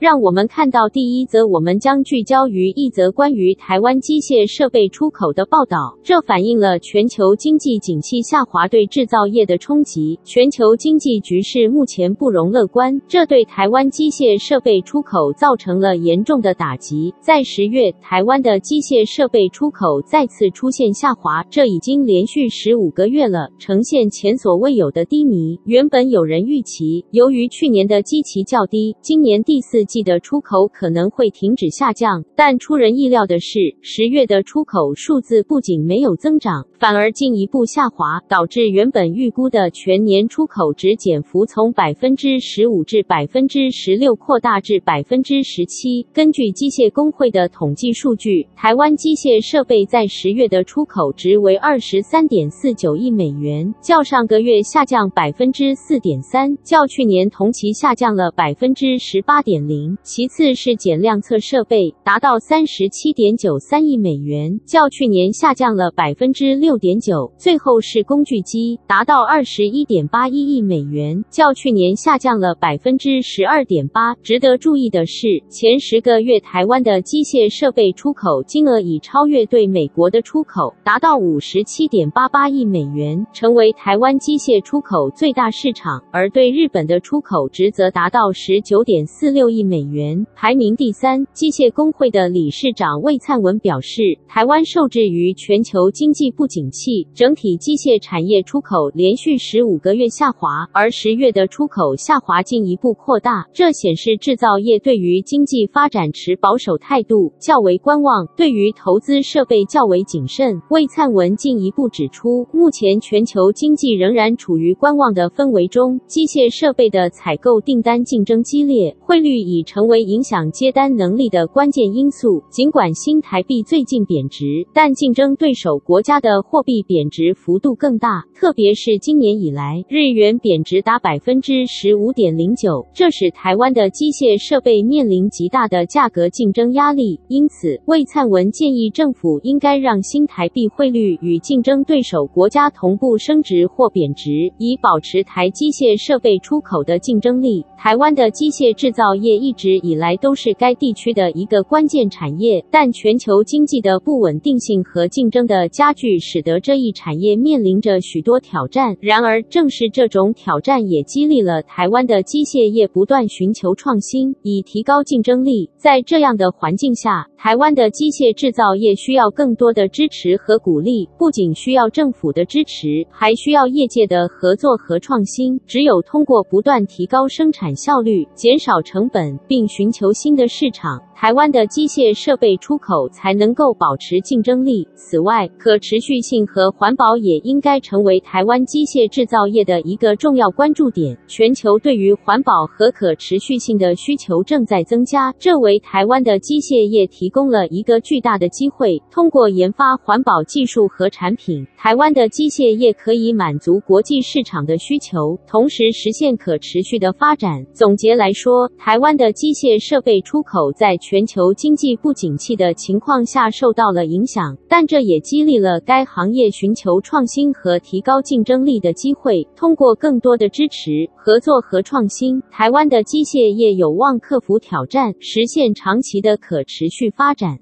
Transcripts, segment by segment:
讓我們看到第一則，我們將聚焦於一則關於台灣機械設備出口的報道。這反映了全球經濟景氣下滑對製造業的衝擊。全球經濟局勢目前不容樂觀，這對台灣機械設備出口造成了嚴重的打擊。在十月，台灣的機械設備出口再次出現下滑，這已經連續十五個月了，呈現前所未有的低迷。原本有人預期，由於去年的基期較低，今年第四。的出口可能會停止下降，但出人意料的是，十月的出口數字不僅沒有增長，反而進一步下滑，導致原本預估的全年出口值減幅從百分之十五至百分之十六擴大至百分之十七。根據機械公會的統計數據，台灣機械設備在十月的出口值為二十三點四九億美元，較上個月下降百分之四點三，較去年同期下降了百分之十八點零。其次是減量測設備，達到三十七點九三億美元，較去年下降了百分之六點九。最後是工具機，達到二十一點八一億美元，較去年下降了百分之十二點八。值得注意的是，前十個月台灣的機械設備出口金額已超越對美國的出口，達到五十七點八八億美元，成為台灣機械出口最大市場。而對日本的出口值則達到十九點四六億美元。美元排名第三。機械公會的理事長魏燦文表示，台灣受制於全球經濟不景氣，整體機械產業出口連續十五個月下滑，而十月的出口下滑進一步擴大。這顯示製造業對於經濟發展持保守態度，較為觀望，對於投資設備較為謹慎。魏燦文進一步指出，目前全球經濟仍然處於觀望的氛圍中，機械設備的採購訂單競爭激烈，匯率已成為影響接單能力的關鍵因素。儘管新台幣最近貶值，但競爭對手國家的貨幣貶值幅度更大，特別是今年以來，日元貶值達百分之十五點零九，這使台灣的機械設備面臨極大的價格競爭壓力。因此，魏燦文建議政府應該讓新台幣匯率與競爭對手國家同步升值或貶值，以保持台機械設備出口的競爭力。台灣的機械製造業，一直以來都是該地區的一個關鍵產業，但全球經濟的不穩定性和競爭的加劇，使得這一產業面臨着許多挑戰。然而，正是這種挑戰也激勵了台灣的機械業不斷尋求創新，以提高競爭力。在這樣的環境下，台灣的機械制造業需要更多的支持和鼓勵，不僅需要政府的支持，還需要業界的合作和創新。只有通過不斷提高生產效率，減少成本。並尋求新的市場。台灣的機械設備出口才能夠保持競爭力。此外，可持續性和環保也應該成為台灣機械製造業的一個重要關注點。全球對於環保和可持續性的需求正在增加，這為台灣的機械業提供了一個巨大的機會。通過研發環保技術和產品，台灣的機械業可以滿足國際市場的需求，同時實現可持續的發展。總結來說，台灣的機械設備出口在全全球經濟不景氣的情況下受到了影響，但這也激勵了該行業尋求創新和提高競爭力的機會。通過更多的支持、合作和創新，台灣的機械業有望克服挑戰，實現長期的可持續發展。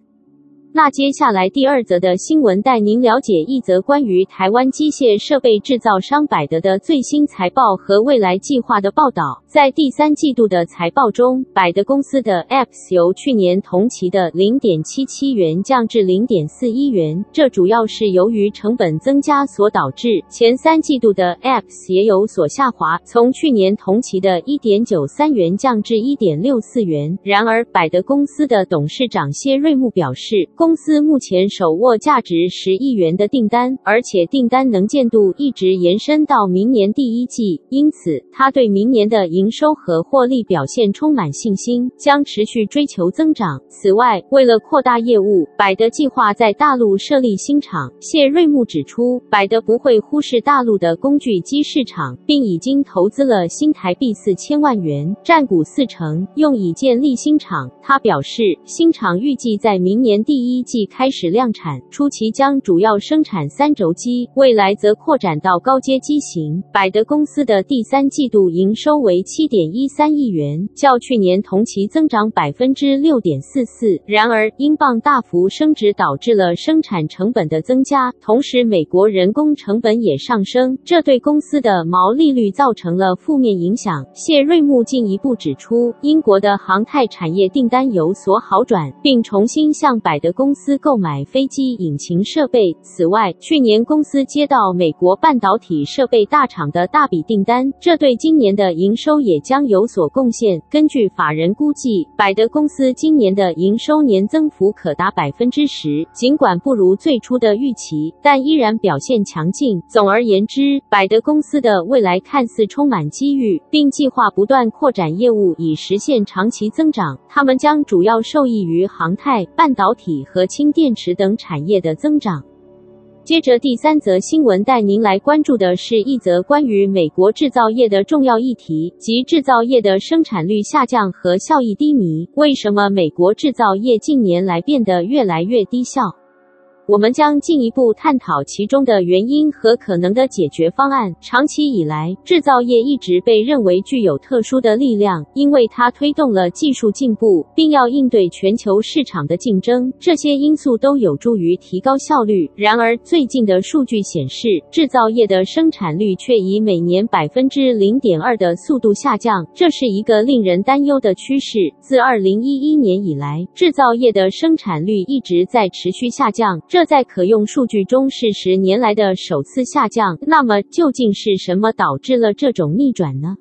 那接下來第二則的新聞帶您了解一則關於台灣機械設備制造商百德的最新財報和未來計劃的報道。在第三季度的財報中，百德公司的 EPS 由去年同期的零點七七元降至零點四一元，這主要是由於成本增加所導致。前三季度的 EPS 也有所下滑，從去年同期的一點九三元降至一點六四元。然而，百德公司的董事長謝瑞木表示，公公司目前手握價值十億元的訂單，而且訂單能見度一直延伸到明年第一季，因此他對明年的營收和獲利表現充滿信心，將持續追求增長。此外，為了擴大業務，百德計劃在大陸設立新廠。謝瑞木指出，百德不會忽視大陸的工具機市場，並已經投資了新台幣四千萬元，佔股四成，用以建立新廠。他表示，新廠預計在明年第一一季開始量產，初期將主要生產三軸機，未來則擴展到高階機型。百德公司的第三季度營收為七點一三億元，較去年同期增長百分之六點四四。然而，英鎊大幅升值導致了生產成本的增加，同時美國人工成本也上升，這對公司的毛利率造成了負面影響。謝瑞木進一步指出，英國的航太產業訂單有所好轉，並重新向百德公司購買飛機引擎設備。此外，去年公司接到美國半導體設備大廠的大筆訂單，這對今年的營收也將有所貢獻。根據法人估計，百德公司今年的營收年增幅可達百分之十。儘管不如最初的預期，但依然表現強勁。總而言之，百德公司的未來看似充滿機遇，並計劃不斷擴展業務以實現長期增長。他們將主要受益於航太半導體。和氫電池等產業的增長。接着第三則新聞，帶您來關注的是一則關於美國製造業的重要議題，即製造業的生產率下降和效益低迷。為什麼美國製造業近年來變得越來越低效？我們將進一步探討其中的原因和可能的解決方案。長期以來，製造業一直被認為具有特殊的力量，因為它推動了技術進步，並要應對全球市場的競爭。這些因素都有助於提高效率。然而，最近的數據顯示，製造業的生產率卻以每年百分之零點二的速度下降，這是一個令人擔憂的趨勢。自二零一一年以來，製造業的生產率一直在持續下降。這在可用數據中是十年來的首次下降。那麼，究竟是什麼導致了這種逆轉呢？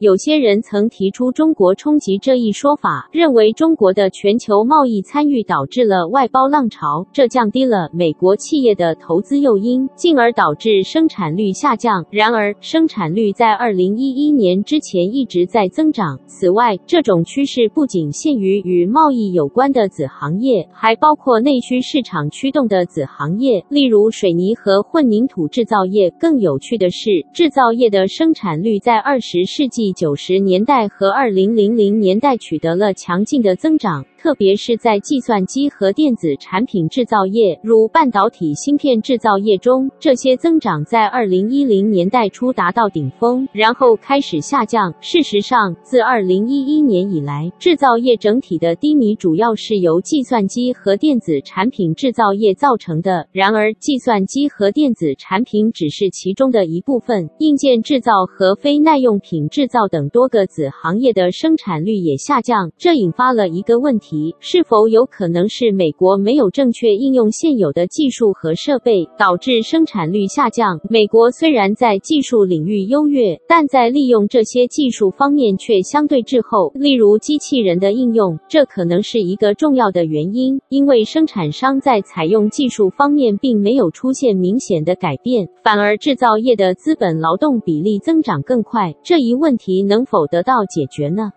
有些人曾提出“中國衝擊”這一說法，認為中國的全球貿易參與導致了外包浪潮，這降低了美國企業的投資誘因，進而導致生產率下降。然而，生產率在2011年之前一直在增長。此外，這種趨勢不僅限於與貿易有關的子行業，還包括內需市場驅動的子行業，例如水泥和混凝土制造業。更有趣的是，製造業的生產率在20世紀九十年代和二零零零年代取得了強勁的增長。特別是在計算機和電子產品製造業，如半導體芯片製造業中，這些增長在2010年代初達到頂峰，然後開始下降。事實上，自2011年以來，製造業整體的低迷主要是由計算機和電子產品製造業造成的。然而，計算機和電子產品只是其中的一部分。硬件製造和非耐用品製造等多個子行業的生產率也下降。這引發了一個問題。是否有可能是美國沒有正確應用現有的技術和設備，導致生產率下降？美國雖然在技術領域優越，但在利用這些技術方面卻相對滯後。例如，機器人的應用，這可能是一個重要的原因，因為生產商在採用技術方面並沒有出現明顯的改變，反而制造業的資本勞動比例增長更快。這一問題能否得到解決呢？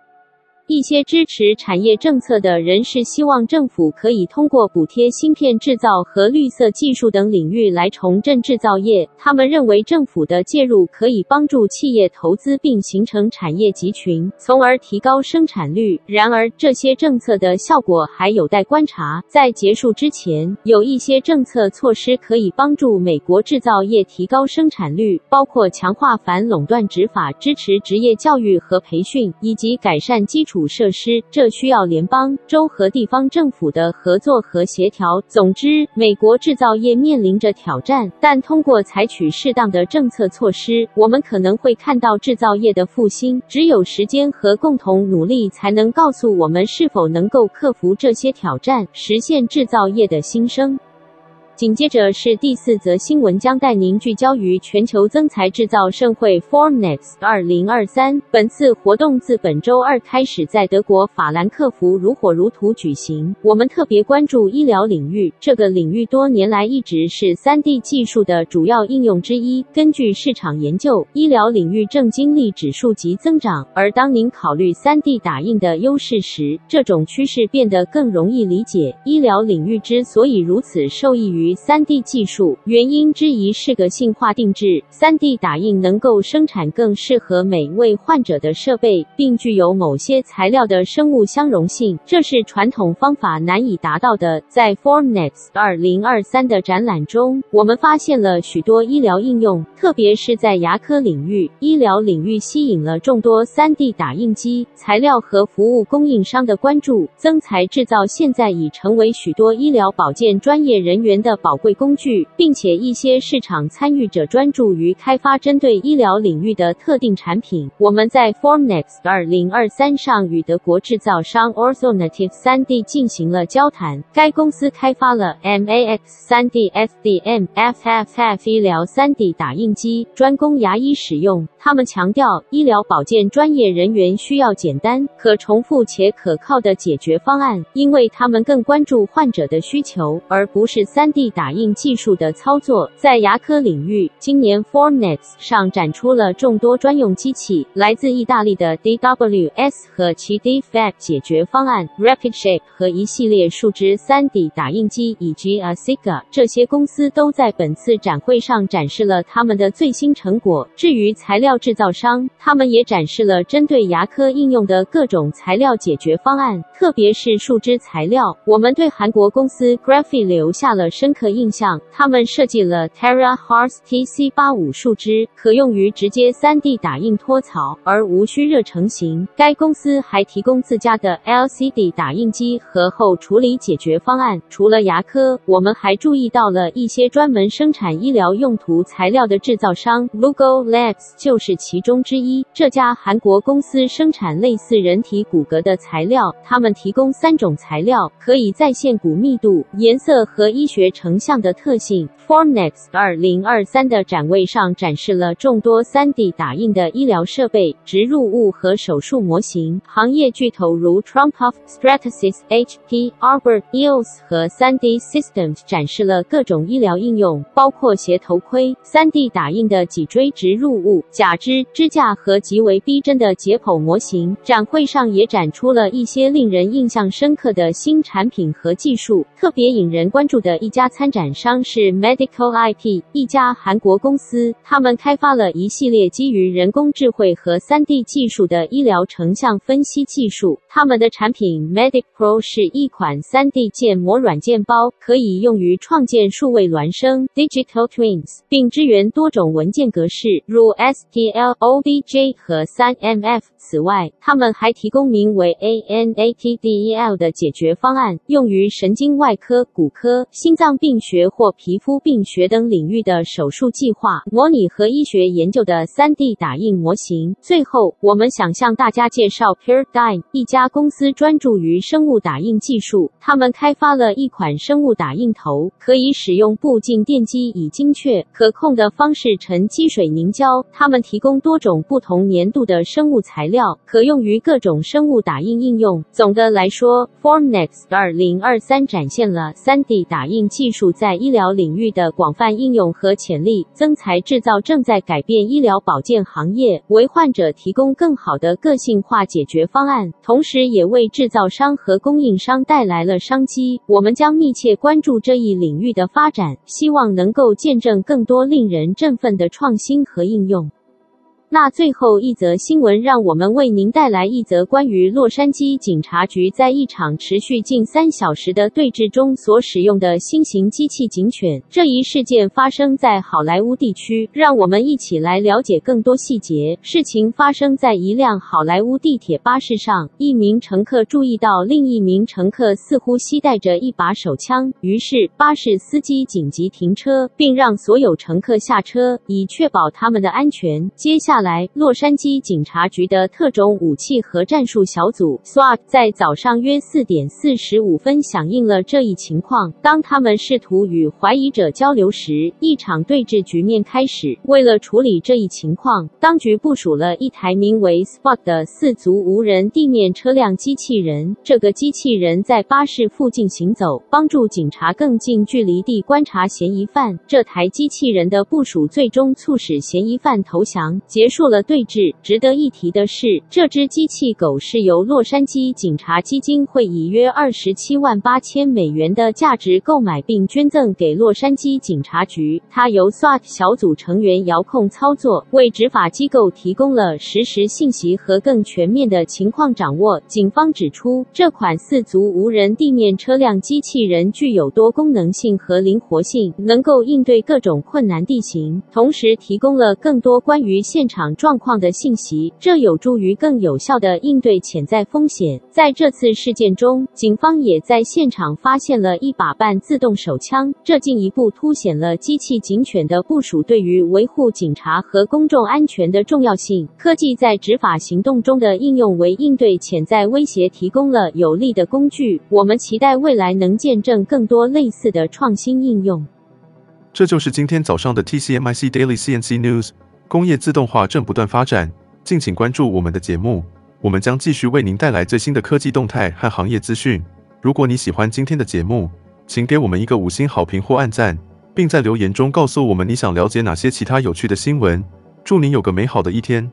一些支持產業政策的人士希望政府可以通過補貼芯片製造和綠色技術等領域來重振製造業。他們認為政府的介入可以幫助企業投資並形成產業集群，從而提高生產率。然而，這些政策的效果還有待觀察。在結束之前，有一些政策措施可以幫助美國製造業提高生產率，包括強化反壟斷執法、支持職業教育和培訓，以及改善基礎設施，這需要聯邦、州和地方政府的合作和協調。總之，美國製造業面臨着挑戰，但通過採取適當的政策措施，我們可能會看到製造業的復興。只有時間和共同努力，才能告訴我們是否能夠克服這些挑戰，實現製造業的新生。緊接着是第四則新聞，將帶您聚焦於全球增材製造盛會 Formnext 2023。本次活動自本周二開始，在德國法蘭克福如火如荼舉行。我們特別關注醫療領域，這個領域多年來一直是 3D 技術的主要應用之一。根據市場研究，醫療領域正經歷指數級增長。而當您考慮 3D 打印的優勢時，這種趨勢變得更容易理解。醫療領域之所以如此受益於 3D 技術，原因之一是個性化定制。3D 打印能夠生產更適合每位患者的設備，並具有某些材料的生物相容性，這是傳統方法難以達到的。在 Formnext 2023的展覽中，我們發現了許多醫療應用，特別是在牙科領域，醫療領域吸引了眾多 3D 打印機、材料和服務供應商的關注。增材制造現在已成為許多醫療保健專業人員的。的寶貴工具，並且一些市場參與者專注於開發針對醫療領域的特定產品。我們在 Formnext 二零二三上與德國制造商 Orthonative 3D 進行了交談。該公司開發了 MAX 3D FDM FFF 醫療 3D 打印機，專供牙醫使用。他們強調，醫療保健專業人員需要簡單、可重複且可靠的解決方案，因為他們更關注患者的需求，而不是 3D。打印技術的操作在牙科領域，今年 Formnext 上展出了眾多專用機器。來自意大利的 DWS 和其 D-Fab 解決方案 RapidShape 和一系列樹脂 3D 打印機，以及 Asiga 這些公司都在本次展會上展示了他們的最新成果。至於材料制造商，他們也展示了針對牙科應用的各種材料解決方案，特別是樹脂材料。我們對韓國公司 Graphy 留下了深。可印象，他們設計了 TerraHorse TC 八五樹脂，可用於直接 3D 打印托槽，而無需熱成型。該公司還提供自家的 LCD 打印機和後處理解決方案。除了牙科，我們還注意到了一些專門生產醫療用途材料的制造商，Lugo Labs 就是其中之一。這家韓國公司生產類似人體骨骼的材料，他們提供三種材料，可以再現骨密度、顏色和醫學。成像的特性。Formnext 二零二三的展位上展示了眾多 3D 打印的醫療設備、植入物和手術模型。行業巨頭如 Trumpf, o Stratasys, HP, Arber, EOS 和 3D Systems 展示了各種醫療應用，包括斜頭盔、3D 打印的脊椎植入物、假肢、支架和極為逼真的解剖模型。展會上也展出了一些令人印象深刻的新產品和技術。特別引人關注的一家。參展商是 Medical IP 一家韓國公司，他們開發了一系列基於人工智慧和 3D 技術的醫療成像分析技術。他們的產品 Medic Pro 是一款 3D 建模軟件包，可以用於創建數位孿生 （Digital Twins），並支援多種文件格式，如 STL、OBJ 和 3MF。此外，他們還提供名為 ANATDEL 的解決方案，用於神經外科、骨科、心臟。病學或皮膚病學等領域的手術計劃、模擬和醫學研究的 3D 打印模型。最後，我們想向大家介紹 Piradine 一家公司，專注於生物打印技術。他們開發了一款生物打印頭，可以使用步進電機以精確可控的方式沉積水凝膠。他們提供多種不同粘度的生物材料，可用於各種生物打印應用。總的來說，Formnext 2023展現了 3D 打印技術。技術在醫療領域的廣泛應用和潛力，增材製造正在改變醫療保健行業，為患者提供更好的個性化解決方案，同時也為製造商和供應商帶來了商機。我們將密切關注這一領域的發展，希望能夠見證更多令人振奮的創新和應用。那最後一則新聞，讓我們為您帶來一則關於洛杉磯警察局在一場持續近三小時的對峙中所使用的新型機器警犬。這一事件發生在好萊塢地區，讓我們一起來了解更多細節。事情發生在一輛好萊塢地鐵巴士上，一名乘客注意到另一名乘客似乎攜帶着一把手槍，於是巴士司機緊急停車，並讓所有乘客下車，以確保他們的安全。接下來，洛杉磯警察局的特種武器和戰術小組 SWAT 在早上約四點四十五分響應了這一情況。當他們試圖與懷疑者交流時，一場對峙局面開始。為了處理這一情況，當局部署了一台名為 Spot 的四足無人地面車輛機器人。這個機器人在巴士附近行走，幫助警察更近距離地觀察嫌疑犯。這台機器人的部署最終促使嫌疑犯投降。結束。束了對峙。值得一提的是，這隻機器狗是由洛杉磯警察基金會以約二十七萬八千美元的價值購買並捐贈給洛杉磯警察局。它由 SWAT 小組成員遙控操作，為執法機構提供了實時信息和更全面的情況掌握。警方指出，這款四足無人地面車輛機器人具有多功能性和靈活性，能夠應對各種困難地形，同時提供了更多關於現場。狀況的信息，這有助於更有效的應對潛在風險。在這次事件中，警方也在現場發現了一把半自動手槍，這進一步凸顯了機器警犬的部署對於維護警察和公眾安全的重要性。科技在執法行動中的應用為應對潛在威脅提供了有力的工具。我們期待未來能見證更多類似的創新應用。這就是今天早上的 TCMIC Daily CNC News。工業自動化正不斷發展，敬請關注我們的節目。我們將繼續為您帶來最新的科技動態和行業資訊。如果你喜歡今天的節目，請給我們一個五星好評或按讚，並在留言中告訴我們你想了解哪些其他有趣的新聞。祝您有個美好的一天！